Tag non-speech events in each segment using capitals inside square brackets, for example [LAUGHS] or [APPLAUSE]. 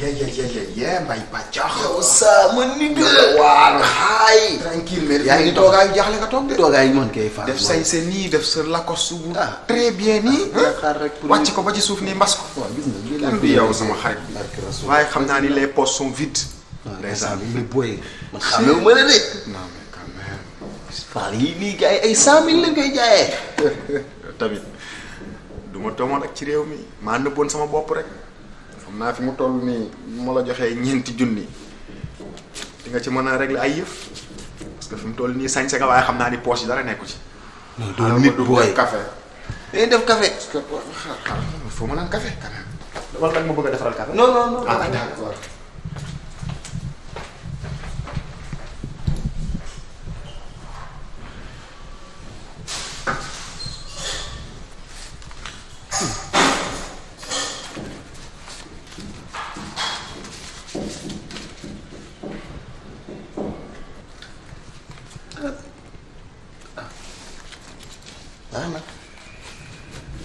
Yeah, yeah, ma ni de la. yaa ngi toogaay jaaxle nga toog de. toogaay yi mën kay faa. def say sa nii def sa lakkos bu. très bien nii. xaar rek pour ko ba ci suuf nii mbas ko. waaw gis nga kenn yow sama xarit bi. waaye xam naa ni les poches sont vides. ndeysaan bi muy booyee. man xamee wu ma la de. non mais quand même. faal yi lii gars yi ay cent lañ koy jaayee. tamit du ma ak ci réew mi maa nëbboon sama bopp rek. naa fi mu toll nii mu la joxee ñeenti junni di nga ci mën a régler ay yëf parce que fi mu toll nii sañse nga waaye xam naa ni poche yi dara nekku ci. non nit booy café dañuy eh, def kafe parce que euh, ah, ah, foo ma naan kafe quand même. wala nag ma bëgg a defaral café. non non non. ah d'accord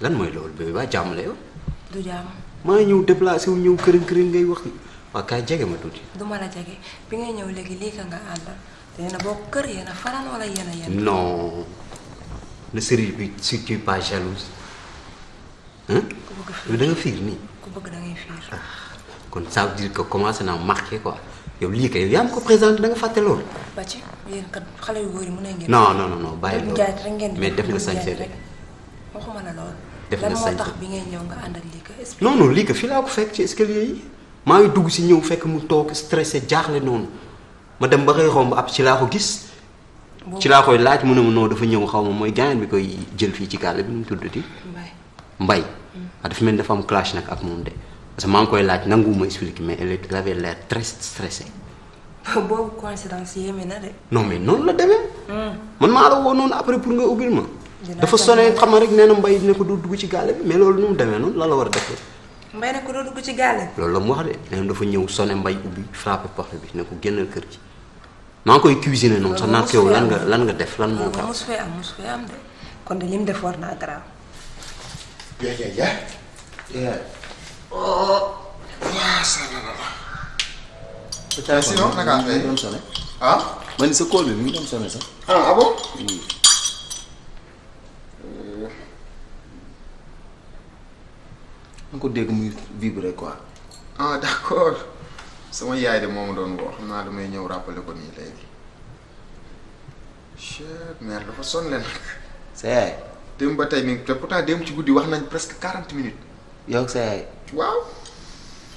lan mooy loolu bébé ba jàmm la yow. du jàmm. maa ñëw déplacé wu ñëw këriñ këriñ ngay wax waaw kaay jege ma tuuti. du ma la jege bi ngay ñëw léegi lii ka nga àndal te yéen a kër yéen a fanaan wala yéen a yéen. non bi si tu pas jalouse. ku bëgg fiir nii. ku bëgg da ngay fiir. Ah. kon ça veut dire que commencé naa marqué quoi yow lii kay yaa ngi ko présenté da nga fàtte loolu. ba ci yéen kat xale yu góor yi ngeen. non non non bàyyi loolu mais def nga sañ rek. waxuma la def na sañ lan bi ngay ñëw nga ànd ak lii ko expliqué. non laa ko fekk ci escalier yi maa ngi dugg si ñëw fekk mu toog stressé jaaxle noonu ma dem ba koy romb ab ci laa ko gis. ci laa koy laaj mu ne ma non dafa ñëw xaw ma mooy gaañaan bi koy jël fii ci gàll bi nu mu tuddati. mbay mbay. Hmm. ah dafa nag ak moom de parce koy laaj nangu ma expliqué mais elle avait l'air très stressée. [LAUGHS] boobu coïncidence yéeme na de. non mais noonu la demee. Hmm. man maa la woo noonu après pour nga ubbil ma. dafa sone xam nga rek nee mbay ne ko du dugg ci gaale bi mais loolu nu mu demee noonu lan la war a def mbay ne ko doo dugg ci gaale bi. loolu la mu wax de nee na dafa ñëw sone mbay ubbi frappé porte bi ne ko génnal kër gi maa ngi koy cuisiner noonu sax naat yow lan nga lan nga def lan moo gaaw. mos fee am mos fee am de kon de lim def war naa garaaw. waaw oh. sinon naka affaire ah? sa kóol bi mi ngi doon sax. Ah, ah mm. nga ko dégg muy vibrer quoi. Ah, d'accord sama yaay de moo ma doon woo xam naa damay ñëw rappeler ko nii léegi. chère mère dafa sonn leen. sa yaay. démb ba tey mi te pourtant démb ci guddi wax nañ presque quarante minutes. yow ak sa yaay. waaw.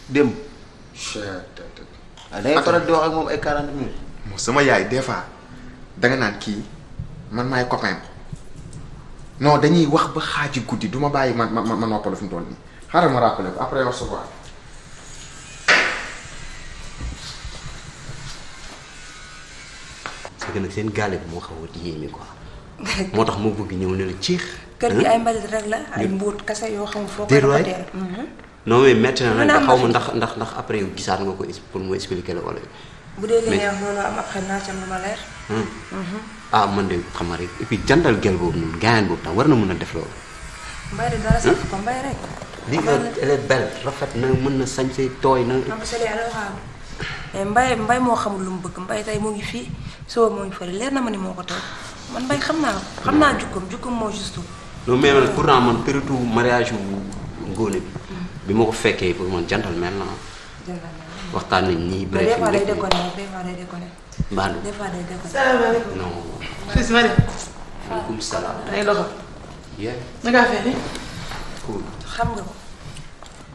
démb. chère tey ah, faral di wax moom ay quarante minutes. moom sama yaay des fois danga naan kii man maay copain non dañuy wax ba xaaji guddi du ma bàyyi ma ma ma noppalu fi mu toll nii. xaaral ma rappelé ko après wax suba seen gaale bi moo xaw a yéeme quoi. [LAUGHS] moo tax moo bëgg ñëw la ciix. kër gi ay mbalit la ay mbuut kese yoo xam foo koy rafatee mhm. non mais métti na xaw ma ndax ndax ndax après yow gisaat nga ko pour mu expliquer la wala. bu dee mhm. ah man de xam nga rek jandal gel boobu noonu gaayaan boobu tam war na mën a def loolu. mbay rek. lii elle est belle rafet na mën na sañse tooy na. mbay eh, mbay moo xamul lu mu bëgg mbay tey moo ngi fii suba moo ngi fële leer na ma ni moo ko toog man mbay xam naa xam naa jukkoom jukkoom moo juste. non mais man pourtant man période mariage bu ngóone bi. bi ma ko fekkee pour man gentleman la ah. waxtaan nañ nii. bref yi na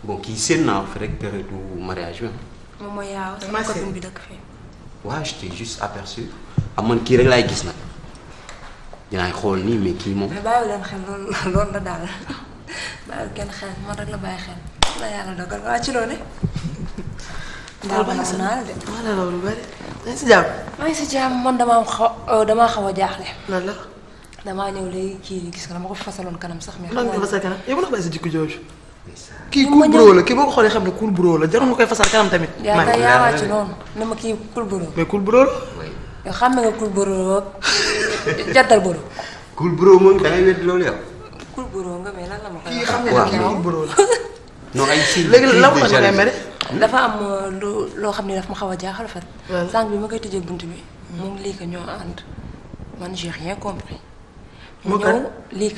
bon kii séen naa fi rek période mariage bi ah. moom mooy yaaw sama bi dëkk fii. waaw je t'ai juste aperçu ah man kii rek laay gis nag dinaay xool nii mais kii moom. mais bàyyi leen la daal bàyyi kenn xel man rek la ci loolu. daal ba naa la loolu bëri maa ngi si jàmm. maa ngi si jàmm damaa xaw euh, damaa xaw a jaaxle. lan la. damaa ñëw léegi kii gis nga dama ko fasaloon kanam sax. mais xam nga fasal kanam yow la bàyyi sa jikko jooju. kii cool bro la kii boo ko xoolee xam ne cool bro la jarul nga koy fasal kanam tamit. yaa ngi yaa wàcc noonu na ma kii cool bro. mais cool bro la. yow xam nga cool moom da ngay weddi loolu yow. cool bro nga ma koy wax. kii xam nga cool bro la. [LAUGHS] non ay si léegi lan la ngay mere. dafa am euh, lu loo xam ne daf ma xaw a jaaxal fan. sànq bi ma koy tëjee bunt bi. moom lii ñoo ànd man j'ai rien compris. mu ñëw lii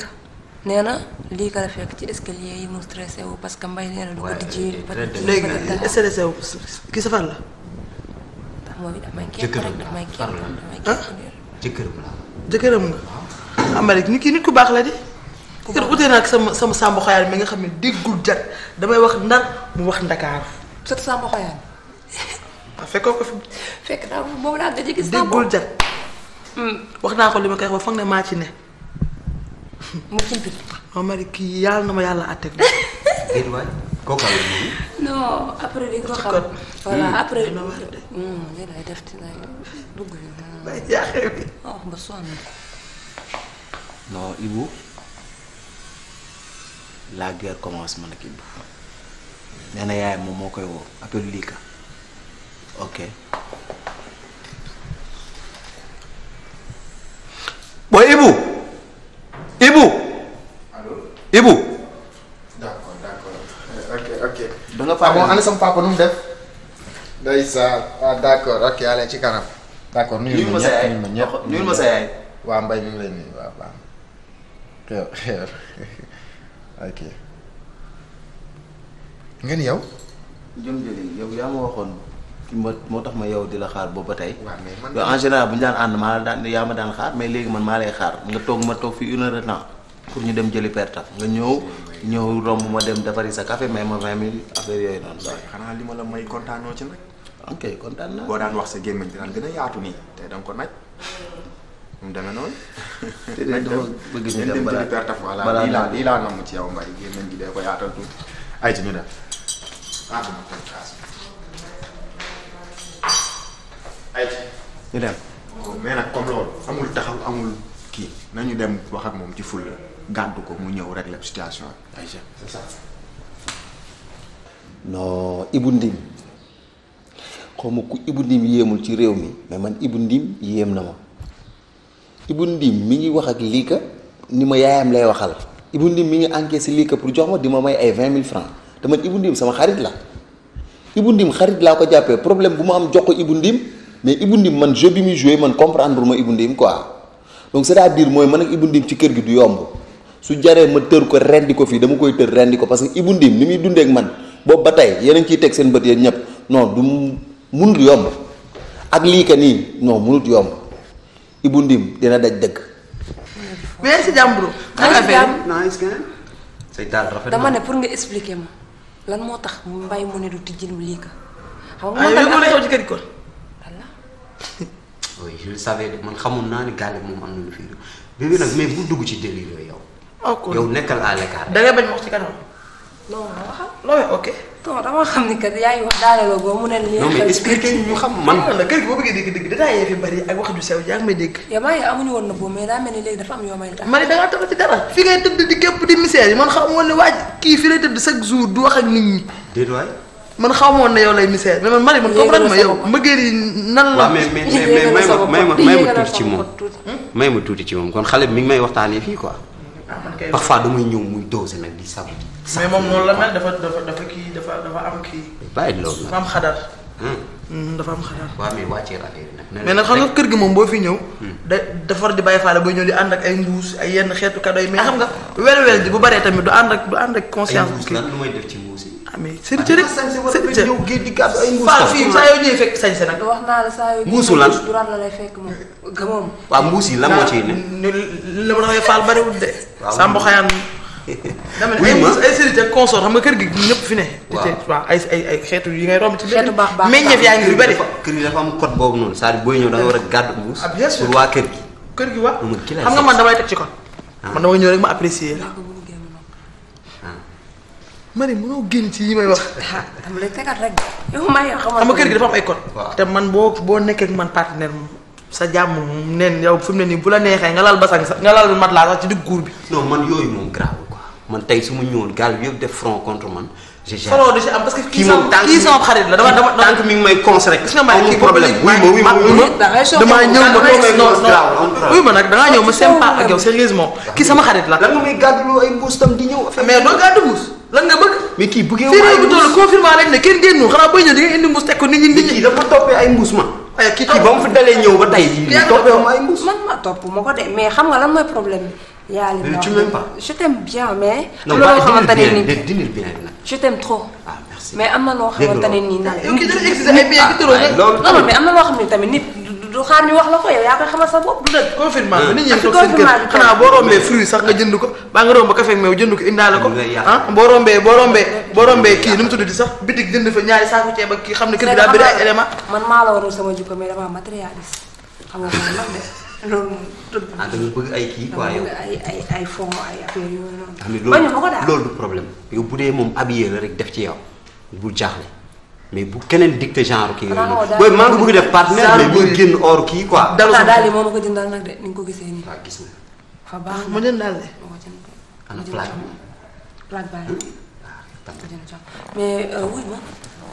nee na lii ka la fekk ci escalier yi mu stressé wu parce que mbay nee na ko di ji. léegi stressé wu kii sa fan la. mooy damay képp jëkkëram nga. Amérique ah, nit ki nit ku baax la di. ku baax utee naa ak sama sama Samba Xoyaan mi nga xam ne déggul jat damay wax ndar mu wax Ndakaaru. sa Samba [LAUGHS] ah, fekkoo ko fi. fekk naa boobu daal nga gis. déggul jat hmm. wax naa ko li ma koy wax foog ne maa ci ne. mu cimpi. ma mari kii yàlla na ma yàlla àtteeg. déedéet waay kooku non après di ko xam. voilà hmm. après. dina war a def lii lay def ci lay dugg bi. lay jaaxee bi. ah oh, ba sonn. non Ibou la guerre commence man ak Ibou nee na yaay moom moo koy woo appelle Lika ok. papa moom ana sama papa nu mu def. ndeysaan ah d' accord ok allez ci kanam. d' accord nuyul ma sa yaay nuyul ma sa yaay. waa mbay mi ngi lay nuyu waa baax na xeer ok. ngeen yow. jëm jëli yow yaa ma waxoon moo tax ma yow di la xaar boobu ba tey. waaw en bu ñu daan ànd maa la daan yaa ma daan xaar mais léegi man maa lay xaar nga toog ma toog fi une heure de temps. pour ñu dem jëli per nga ñëw ñëw romb ma dem defari sa café may ma vingt mille affaire yooyu noonu waaw xanaa li ma la may kontaanoo ci nag ok kontaan daan wax sa gémmiñ daan gën a yaatu nii te danga ko naj mu demee noonu [LAUGHS] te dama bëgg ci yow mbay gémmiñ gi dee ko yaatal tuuti ñu def ay ñu dem ah, oh, mais nag comme loolu amul taxaw amul kii nañu dem wax moom ci fulla gàddu ko mu ñëw régler situation bi. ayca c'est Ndim xaw ku Ibou Ndim yéemul ci réew mi mais man Ibou Ndim yéem na ma Ibou Ndim mi ngi wax ak lii ka ni ma yaayam lay waxal. Ibou mi ngi encaissé lii pour jox ma di ma may ay vingt mille francs te man Ibou Ndim sama xarit la Ibou Ndim xarit laa ko jàppee problème bu ma am jox ko Ndim mais Ibou Ndim man jeu bi muy man comprendre ma Ibou Ndim quoi donc c'est-à-dire mooy man ak Ibou Ndim ci kër gi du yomb. su jaree ma tër ko rendi ko fii dama koy tër rendi ko parce que Ibou Ndim ni muy dundeek man boobu ba tey yéen a teg seen bët yéen ñëpp non du munut yomb ak lii que nii non munut yomb Ibou Ndim dina daj dëgg. mais si jàmbur. dama ne pour nga expliquer ma lan moo tax mbay mu ne du tijjil mu lii ka. xamoon naa ne gàllankoor moom am na lu dugg ci délire yow. ok oh, yow nekkal à l'écart. da ngay bañ wax ci kanam. non non xam ni kat yaa ngi la boo ne nii. xam man. la kër gi boo bëggee dégg woon na boobu mais daa mel ni léegi dafa am yoo may tax. ma ne da ngaa tax ci dara. fi ngay tëdd di képp di misère yi man xaw ma woon ne waaj lay tëdd ma woon man Marie man ma yow mëggeel nan la. mais may ma may ma tuuti ci moom may ma tuuti ci moom kon xale bi mi may waxtaanee fii quoi parfois muy ñëw muy doser nag di sabu. mais moom noonu la mel dafa dafa dafa kii dafa dafa am kii. bàyyi loolu la dafa am xadar. Hmm. Hmm, dafa am xadar. waaw mais wàccee affaire yi nag. mais xam nga kër gi moom boo fi ñëw. Hmm. da dafar di bàyyi faale ba ñëw di ànd ak ay mbuus ay yenn xeetu cadeau yi mais ah, xam nga wel wel ji bu baree tamit du ànd ak du ànd ak conscience. ay lu may def ci mbuus yi mais sëriñ sëriñ sëriñ fekk sañse nag. wax naa la saa yoo muus lan la lay fekk moom. waaw muus yi lan moo ciy ne. ñu la ma faal bariwul de. waaw Samba Xayaan. [LAUGHS] ay muus ay sëriñ consort xam nga kër gi ñëpp fi ne. waaw ay ay ay xeetu yi ngay romb ci. xeetu baax baax meññeef yaa ngi lu bari. kër gi dafa am code boobu noonu cest à booy ñëw da war a gàddu muus. ah bien sûr pour waa kër gi. kër gi waaw xam nga man damay teg ci kon. Ah. man dama ñëw rek ma apprécier la ma ne mënoo génn ci yi may wax. Ah, dama lay tegaat rek yow maa yoo xam nga kër gi dafa am ay man boo boo nekkee ak man partenaire sa jàmm neen yow fi mu ne nii bu la neexee nga lal basang sax nga lal mat laa sax ci digg bi. non man yooyu moom grave man tey su ma ñëwoon gaal bi yëpp def front contre man. je gère solo du si am parce que. kii moom tànk kii sama xarit la dama dama tànk mi ngi may cons rek. gis nga maa ngi problème ma ma damaa ñëw ma toog non non oui ma nag dangaa ñëw ma sympa ak yow sérieusement kii sama xarit la. lan nga may gàddu ay mbuus tam di ñëw. mais doo gàddu mbuus lan nga bëgg. kii bëggee wu ay mbuus bu toll confinement lañ ne kenn génnu xanaa bay ñëw di nga indi mbuus teg ko nit ñi nit ñi. dafa toppee ay mbuus ma. Ah, kii kii ba mu fi dalee ñëw ba tey. yaa toppee ay mbuus man ma topp ma ko de mais xam nga lan mooy problème bi. yaa ma tu m'aimes pas. je t'aime bien mais. am na mais am na loo xamante nii. dégg nga mais am na loo tamit nit du xaar ñu wax la ko yow yaa koy xamal sa bopp du dëgg. confinement bi nit ñi toog seen kër xanaa boo rombee sax nga jënd ko baa nga ko indaale ko ah boo rombee boo rombee tudd di sax bitig jënd fa ñaari saako ceeb ak kii xam ne kër gi daa man maa la waroon sama jikko mais dama matérialiste xam nga man nag de ah, da nga bëgg ay kii quoi yow ay ay ay fond ay affaire yooyu noonu bañu ma ko loolu problème yow bu dee moom habillé la rek def ci yow bul jaaxle mais bu keneen dicté genre kii yooyu la. booy maa ngi bëgg def partenaire mais buy génn or kii quoi. Ah, daal sa daal yi moo ma ko jëndal nag de ni nga ko gisee nii. waaw ah, gis nga. fa baax na mu jënd daal de. ma ko jënd ana plaque bi. plaque baa ngi ah, euh, ma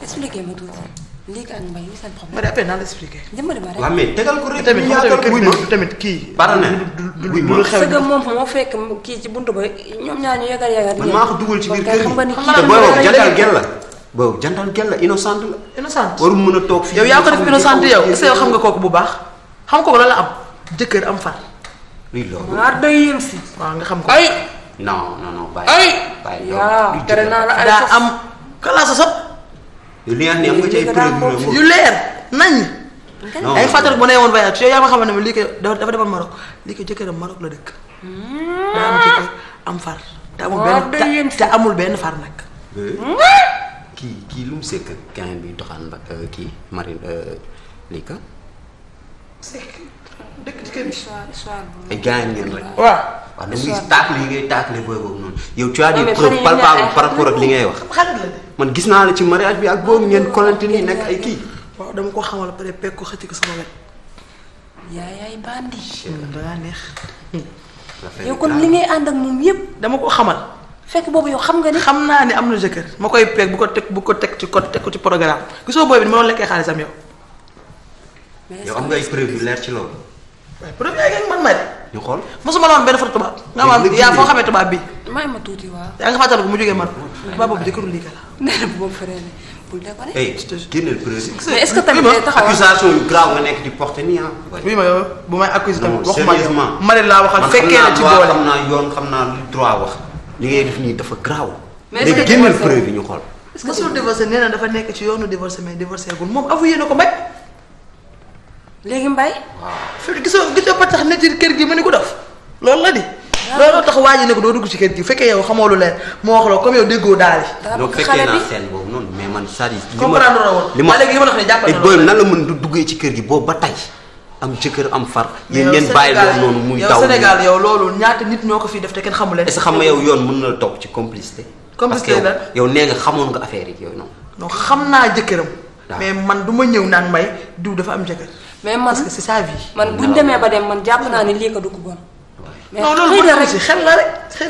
expliqué ma tuuti léegi ak mbay mi seen ma de après naa la expliqué. dimbali ma rek waaw mais tegal ko rek. tamit tamit tamit kii. partenaire wuy ma parce que moom fa moo fekk kii ci buntu ba ñoom ñaar ñu yëgal yëgal. man maa ko dugal ci biir kër gi la boobu jantal kenn la innocente la. innocente waru mën a toog fii. yow yaa ko def innocente yow est-ce que xam nga kooku bu baax xam ko la la am jëkkër am far. luy loolu waaw ah, si. waaw nga xam ko ay. non non non bàyyi. ay la am kala sa sot. yu leer ne am nga ci ay preuve yu leer nañ. ay fàttali bu ne woon voyage yow yaa ma xamal ne lii ko dafa demoon la am jëkkër te amul benn te amul benn far nag. kii kii lu mu sekk gain bi doxaan ba euh, kii Marine euh, lii ka. sekk dëkk ci kër gi. ay gain ngeen rek. waaw waaw da ngay taakle yi ngay taakle booy boobu noonu. yow tu as des preuves palpables par rapport ak li ngay wax. man gis naa la ci mariage bi ak boobu ngeen kolante nii nekk ay kii. waaw dama ko xamal ba pare pegg ko xëcc ko sama wet. yaay yaay bandi. dangaa neex. yow kon li ngay ànd ak moom yépp dama ko xamal. fekk boobu yow xam nga ni. xam naa ne am na jëkkër ma koy peeg bu ko teg bu ko teg ci code teg ko ci programme gisoo booy bi ni ma doon lekkee xaalisam yow. yow am nga ay preuve yu leer ci loolu. waaye preuve yaa ngi man may de. ñu xool mosuma la woon ma yaa boobu na [LAUGHS] boobu na bul ah. na ci yoon xam naa lu wax li ngay def nii dafa garaaw. mais est preuve yi ñu xool. est-ce que suñu divorcé dafa nekk ci yoonu divorcé mais divorcé gul moom avoué na ko Mbaye. léegi Mbaye. waaw gisoo gisoo ba tax ne kër gi ma ni ko def lool la di. Ah. looloo tax waa ji ne ko doo dugg ci kër gi fekkee yow xamoo lu leen moo wax la comme yow déggoo daal yi. donc fekkee naa seen boobu noonu mais man c'est-à-dire. na woon li ma li ma la mën du duggee ci kër gi boobu ba tey am jëkkër am far. yéen ngeen bàyyi loolu noonu muy daw yow Sénégal loolu ñaata nit ñoo ko fi def te kenn xamu leen. est-ce xam nga yow yoon mën na la topp ci complicité. complicité la parce que yow nee nga xamoon nga affaire yi yooyu noonu. non xam naa jëkkëram. mais man du ma ñëw naan may du dafa am jëkkër. mais man parce sa vie. man bu demee ba dem man jàpp naa ne lii ko du ko bon. non loolu xëy na rek xel la rek.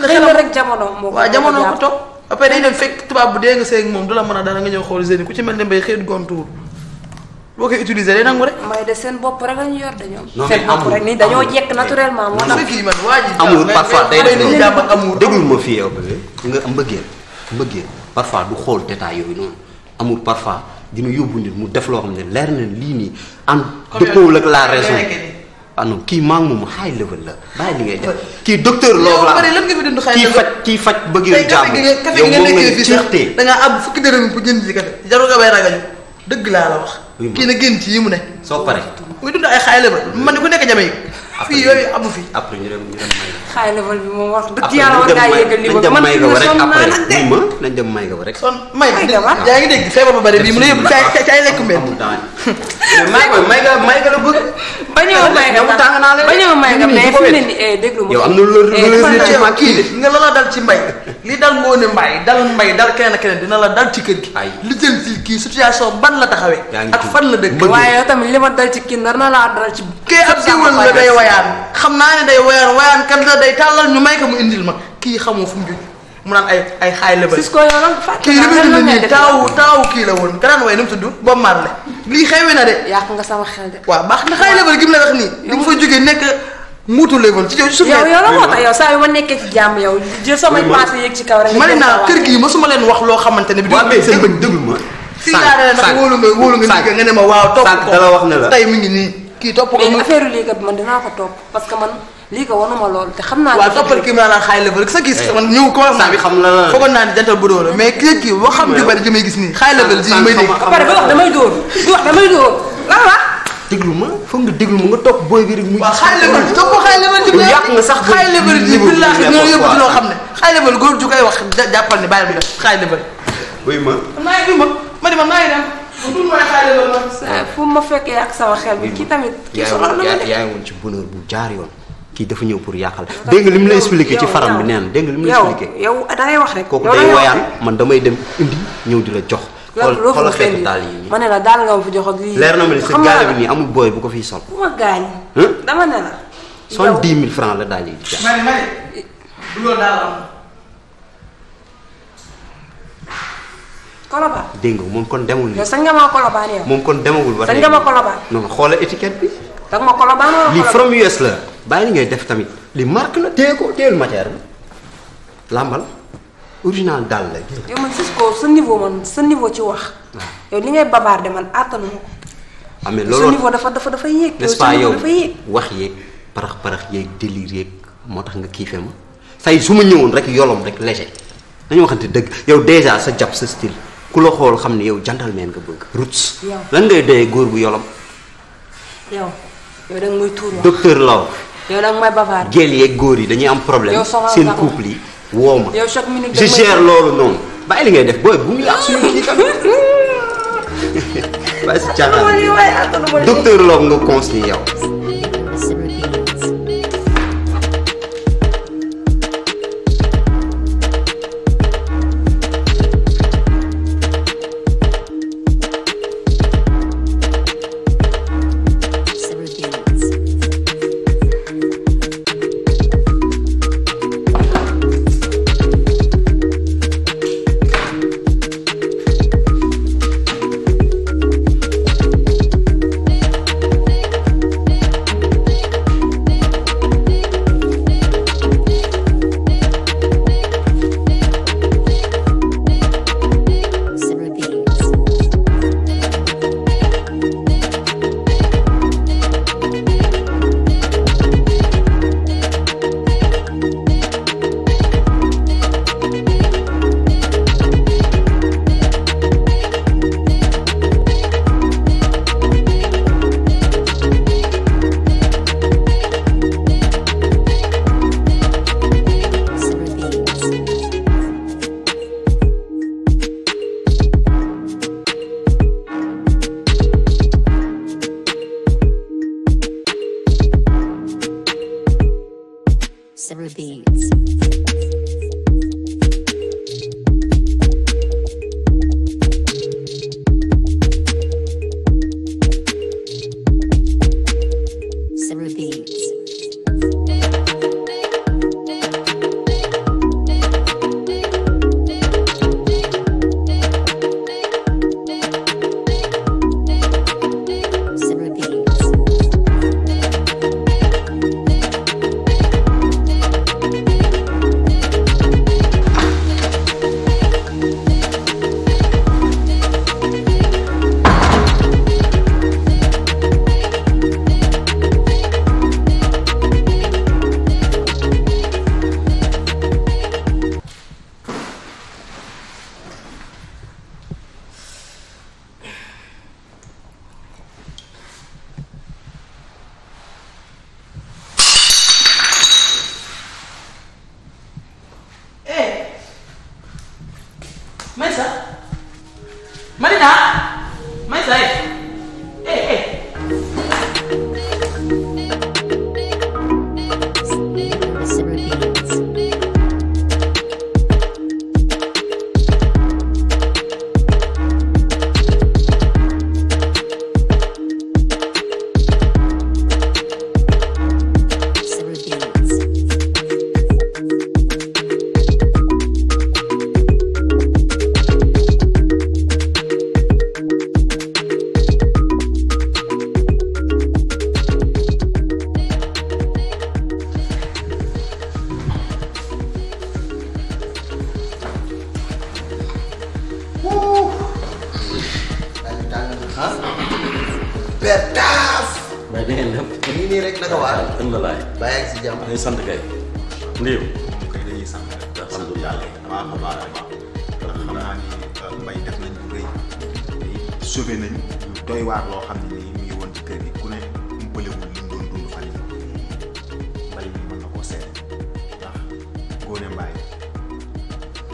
xëy jamono moo ko waaw jamono ko topp. après day dem fekk tubaab bu dee nga seeg moom du la mën a dara nga ñëw xool ku ci mel ne mbay xëy boo koy utiliser day nangu rek. de seen bopp rek la ñu yor dañoo. non mais rek nii dañoo jekk naturellement. moo tax kii man waa ji. amul parfois day def déglu ma fii yow bébé nga mbëggeel mbëggeel parfois du xool détail yooyu noonu amul parfois mu def loo xam ne leer na lii nii am dëppoowul la raison ah non kii maa ngi moom high level la bàyyi li ngay def kii docteur loo la kii faj kii faj bëgg yow jàmm yow moom la ñu da ngaa am fukki dërëm bu nga bay dëgg laa la wax. kii na génn ci yi mu ne. soo paree. muy dund ay xaayale ba man ni bu nekk jame yi. fii yooyu amu fi. après ñu dem ñu dem Mayga. xaay level bi moom wax dëgg yàlla war ma nañ dem Mayga ba rek. yaa ngi dégg ba ñëw Mayga ba tàng naa leen eh, ma. yow am na loolu eh, ci ma kii nga la la dal ci mbay li dal ngoone mbay dal mbay dal keneen a keneen dina la dal ci kër gi. ay lu jëm si kii situation ban la taxawee. ak fan la dëkk waaye tamit li ma dal ci kii nar na laa dal ci. kii ab diwul la day waay wayaan xam naa ne day wayaan wayaan kat la day tàllal ñu may ko mu indil ma kii xamoo fu mu jóg mu naan ay xaay la bëri. kii li muy dund nii taaw taaw kii la woon kanaan way nu mu na de. yàq nga sama xel de. waaw na xaay la bëri gi mu la wax nii. li mu fa jógee nekk muutu lay woon ci yow suuf. yow yow la moo tax yow saa yu ma nekkee ci jàmm yow. jël samay paase yéeg ci kaw rek. ma ne naa kër gii mosuma leen wax loo xamante ne bi. waaw mais ma. sànq sànq sànq wax sànq la sànq sànq sànq sànq sànq sànq sànq sànq sànq sànq sànq sànq sànq sànq sànq sànq kii topp ko mais affaire liiga bi man dinaa ko topp parce que man liiga wanuma lool ma naan xaay xam naa ne la kii kii wax ba ba wax damay dóor di foog nga topp booy bi rek mu nga sax xaay lebal ji billaahi ñoo yóbbu ci loo xam ne xaay lebal góor ju koy Ah, fu ma fekkee ak sama xel bi kii tamit. kii soxla na yaa woon ci bonheur bu jaar yoon. kii dafa ñëw pour yàqal dégg nga li mu lay expliqué ci faram bi nee na dégg nga li mu lay expliqué. yow da ngay wax rek. kooku day woyaan man damay dem indi ñëw di la jox. loolu xoolal xeetu daal yi. ma ne la daal nga ma fi jox ak lii. leer na ma ne bi nii amul booy bu ko fiy sol. bu ma gaañ. dama la. yow soixante mille francs la daal yi di jaar. ma ne ma du loolu daal am. Colobane dégg nga moom kon demul. yow sax nga ma Colobane yow. moom kon demagul ba. sax nga ma Colobane. non xoolal étiquette bi. da nga ma Colobane wala li from US la. bàyyi li ngay def tamit li marque la téye ko téyel matière bi làmbal original daal la. yow man Cisco sa niveau man sa niveau ci wax. Ah. yow li ngay babaarde man àttanu ah, ma. amee loolu sa niveau dafa dafa dafa yéeg. n'est-ce pas yow wax yeeg parax parax yeeg délire yeeg moo tax nga kiife ma say su ma ñëwoon rek yolom rek léger dañu waxante dëgg yow déjà sa jàpp sa style. ku la xool xam ne yow gentleman nga bëgg roots. lan ngay doyee góor bu yolom yow tuur wax docteur Law. yow da góor yi dañuy am problème seen couple yi woo ma. yow chaque minute je loolu noonu. bàyyi li ngay def booy bu mu yàq [LAUGHS] bàyyi si caaxaan docteur Law nga cons ni yow.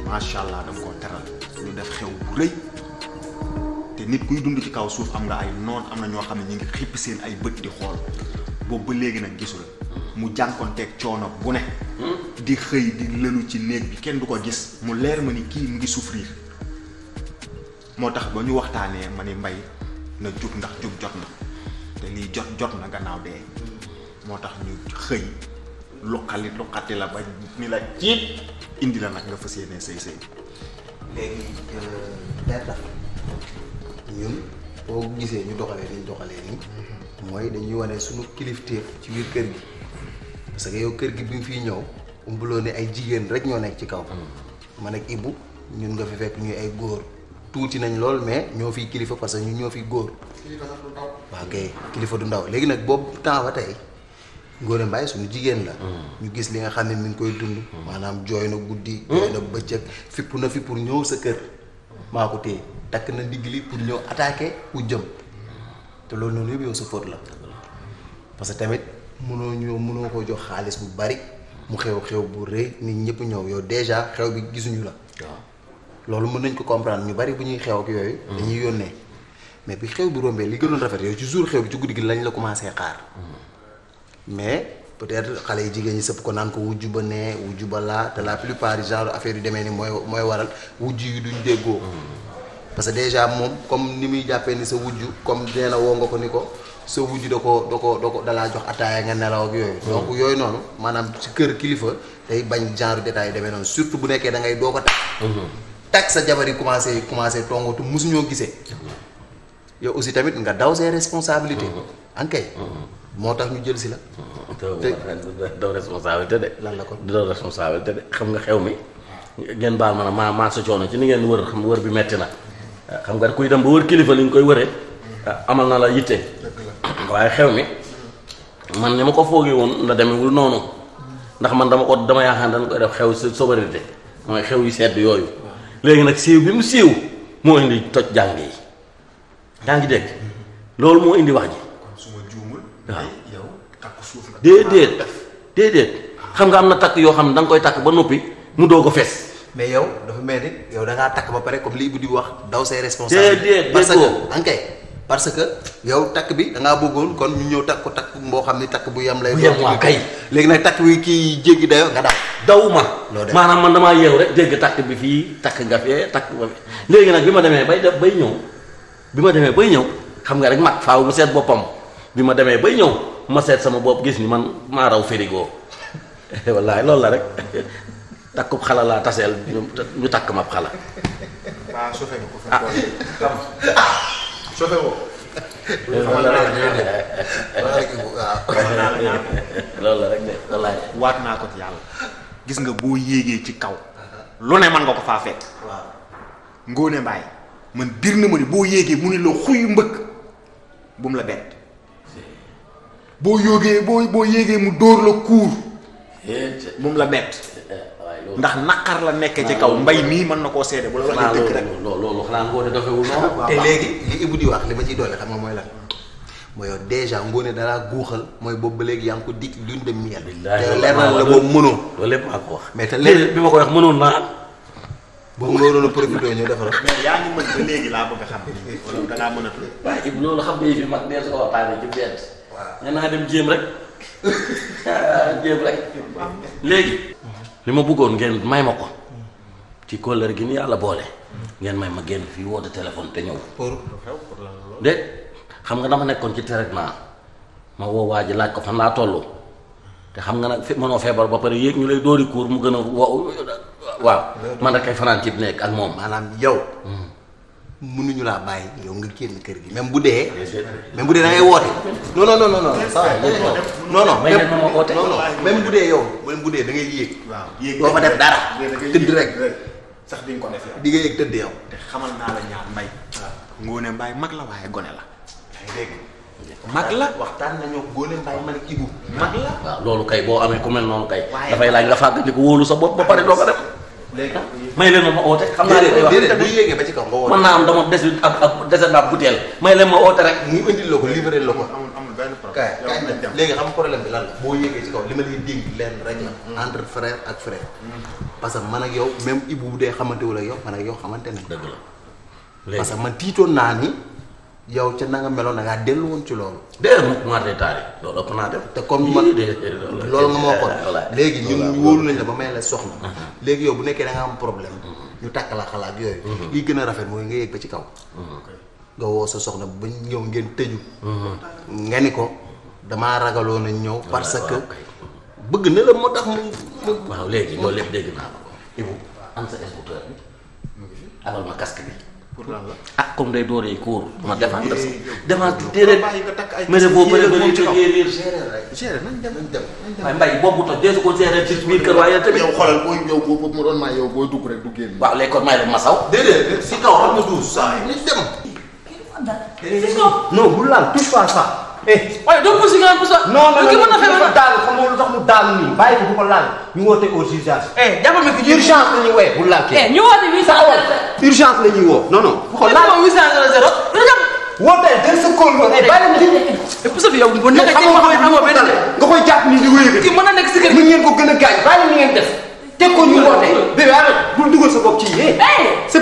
macha allah da nga koo teral ñu def xew bu rëy te nit kuy dund ci kaw suuf am nga ay noon am na ñoo xam ne ñu ngi xippi seen ay bët di xool boobu ba léegi nag gisul mu jànkonteeg coono bu ne. di xëy di lëlu ci néeg bi kenn du ko gis. mu leer ma ni kii mu ngi souffrir moo tax ba ñu waxtaanee ma ni mbay na jub ndax jub jot na te lii jot jot na gannaaw dee. moo tax ñu xëy luqali luqati la ba ni la ciit indi la nag nga fas yéene say say. léegi perte euh, la ñun boo gisee ñu doxalee ni ñu nii. mooy dañuy wane suñu kilifteef ci biir kër gi. parce que yow kër gi bi mu fiy ñëw umbuloo ne ay jigéen rek ñoo nekk ci kaw. Hmm. man ak Ibou ñun nga fi fekk ñuy ay góor. tuuti nañ lool mais ñoo fiy kilifa parce que ñu ñoo fiy góor. kilifa du ndaw. kilifa du ndaw léegi nag boobu temps ba tey. Ngoné Mbaye suñu jigéen la. Hmm. ñu gis li nga xam ne mi ngi koy dund. Hmm. maanaam jooy na guddi. Hmm. jooy na bëccëg fippu na fi pour ñëw sa kër. maa ko téye takk na ndigg li pour ñëw attaqué ku jëm te loolu noonu yëpp yow sa faute la parce que tamit mënoo ñëw mënoo ko jox xaalis bu bari mu xew xew bu rëy nit ñëpp ñëw yow déjà xew bi gisuñu la. loolu mën nañ ko comprendre ñu bari bu ñuy xew ak yooyu. dañuy yónnee mais bi xew bi rombee li gënoon rafet yow ci jour xew bi ci guddi gi lañ la commencé xaar. mais peut-être xale yi jigéen ñi sëpp ko naan ko wujju ba ne wujju ba laa te la plupart genre affaire yu demee ni mooy mooy waral wujj yi duñ déggoo. parce que déjà moom comme ni muy jàppee ni sa wujju comme nee na woo nga ko ni ko sa wujju da ko da ko da ko dalaa jox attaaya nga nelaw ak yooyu. Hmm. donc yooyu noonu maanaam ci kër kilifa tey bañ genre détail yu demee noonu surtout bu nekkee da ngay doo ko takk. Hmm. takk sa jabar yi commencé commencé tongatu mosuñoo gisee. Hmm. yow aussi tamit nga daw ses responsabilité ankay mm-hmm. mm-hmm. moo tax ñu jël si la. Mm-hmm. te daw responsabilité de. lan la ko daw xam nga xew mi. ngeen baal ma ne maa maa sa coono ci ni ngeen wër xam wër bi metti na. xam nga kuy dem ba wër kilifa li ñu koy wëree. amal na la yitte. waaye xew mi man ni ma ko foogee woon la demewul noonu. ndax man dama ko dama yaakaar dañ koy def xew si sobriété mooy xew yu sedd yooyu. léegi nag siiw bi mu siiw moo indi toj jàng yi. yaa ngi dégg loolu moo indi wax ji. kon su takk suuf la. déedéet déedéet xam nga am na takk yoo xam ne da nga koy takk ba noppi mu doog a fees. mais yow dafa mel ni yow da ngaa takk ba pare comme lii bu di wax daw say responsabilité. déedéet parce que ankay ah, parce que yow bi da ngaa bëggoon kon ñu ñëw takk ko takk mboo xam ni takk bu yem lay. bu yem waa kay léegi nag takk bi kii jéggi dayoo nga daw. daw ma. maanaam man damaa yeew rek dégg takk bi fii takk nga fee takk ba léegi nag bi ma demee bay def bay ñëw. bi ma demee bay ñëw xam nga rek mag faaw mu seet boppam bi ma demee bay ñëw ma seet sama bopp gis ni man maa raw férigo [LAUGHS] wallaay loolu la rek [LAUGHS] takkub xala taseel ñu takk ma xala. ah chauffeur ah. [LAUGHS] la rek de wallaay. waat naa ko ci yàlla. gis nga boo yéegee ci kaw. lu ne man nga ko faa fekk. waaw Ngóone man biir na ma boo yéegee mu ne la xuy mbëkk bu mu la bett boo yóogee boo boo yéegee mu dóor la kuur bu mu la bett ndax naqar la nekk ci kaw mbay mii mën na koo seede bu la waxee dëgg rek loolu [LAUGHS] léegi li wax li ma ciy doole xam nga mooy la mooy yow dèjà ngoone dalaa guuxal mooy boobu ba léegi yaa ngi ko dikk lune de miel te leer na la boobu mënoo mais te léegi bi ma ko wax mënoon naa boobu nga waroon a profité ñëw defaral. mais yaa mën a xam. a tudd. waaye ci loolu xam nga yëf yi mag nee su ko waxtaanee ci naa dem jéem rek [LAUGHS] jéem rek. léegi. li ma bëggoon ngeen may ma ko. ci kóllëre gi ni yàlla boole. ngeen may ma génn fii woote téléphone te ñëw. pour de xam nga dama nekkoon ci traitement ma woo waa ji laaj ko fan naa toll. te xam nga nag fi mënoo feebar ba pare yéeg ñu lay dóori kuur mu gën a wow waaw man rek kay fanaan ci bi nekk ak moom. maanaam yow. Hmm. mënuñu laa bàyyi yow nga génn kër gi même bu dee. même bu dee da ngay woote. non non non bu dee yow même bu dee da ngay yéeg. waaw yéeg doo fa def dara. tëdd rek sax di ko def yow. di yéeg tëdd yow. te xamal naa la ñaar mbay. waaw Ngoné mag la waaye gone la. mag la waxtaan nañoo góole Mbaye man ak Ibou loolu kay boo amee ku mel noonu kay dafay laaj nga fàggandiku wóolu sa bopp ba pare doo ko def léegi may leen xam naa leen wax bu yéegee naa am dama des ab ab desend ab leen ma oote rek ñu ko libéré la ko kaay kaay léegi xam problème bi lan la boo yéegee ci kaw li ma lay dénk leen rek la mm-hmm. entre frère mm-hmm. parce que man a yow même Ibou dee xamante wul ak yow man ak yow xamante ne dëgg la parce que man tiitoon naa ni yow ca na nga meloon da ngaa ci loolu. déedéet mu commencé [LAUGHS] léegi ñun wóolu léegi yow bu nekkee da am problème. Mhm. ñu takk xalaat yooyu. Mhm. gën a rafet mooy nga ci kaw. Mhm. nga sa soxna ba ñëw ngeen tëju. ni ko damaa ragaloon a ñëw. parce que bëgg na moo tax mu. ko. am sa écouteur bi. amal ma casque bi. pour lan la ah comme day dooree cours. ma défendre sa défendre déedéet. mais boo bëree bëri te réer gérer nañ dem nañ dem. waaye mbay boobu tax deesu ko gérer ci biir kër waaye tamit. yow xoolal booy ñëw boobu ma doon maa yow booy dugg rek du génn. waaw léegi kon may def ma saw. déedéet si kaw xam nga duus. saa yi nañ dem. non bu laal touche pas ça. waaye doo si nga xam ne. non non daal xam mu daal nii bàyyi ko bu laal ñu woote aux urgences. Eh, jàppal ma urgence la ñuy wooye bu laal kii. Eh, ñu woote huit cent urgence la ñuy woo non non. bu laal huit cent zéro zéro. wooteel jël sa kóol nga eh, bàyyi mu puso bi yow nekk ci ma xam ne benn nga na nekk si kër gi ngeen ko gën ko ñu woote bébé arrête bul dugal sa bopp ci yee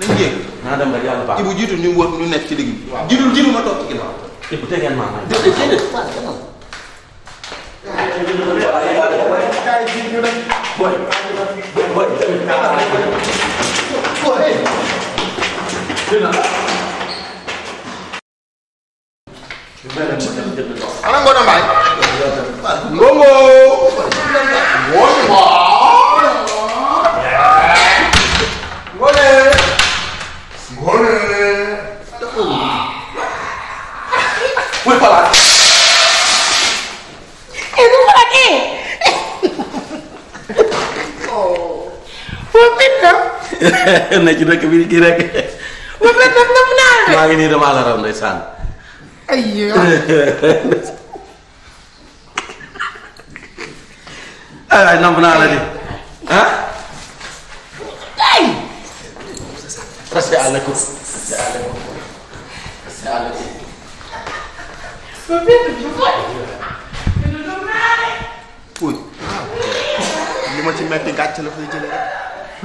nañ jéeg. naa dem rek baax ci bu jiitu ñu wër ñu nekk ci digg bi. waaw jiitu jiitu ma toog ci ginnaaw. ci bu tegeel maa maa ngi. déedéet Ana Ngoné Mbaye. Ngongo. [LAUGHS] ci dëkk bi kii [LAUGHS] maa ngi nii damaa la raw ndeysaan. aywa. ay waay [LAUGHS] nam naa la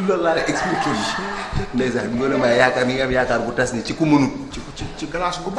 loolu laa la expliqué. ndeysaan mu ne ma yaakaar mi ngi yaakaar bu tas ni ci ku mënut. ci ci ci glace gu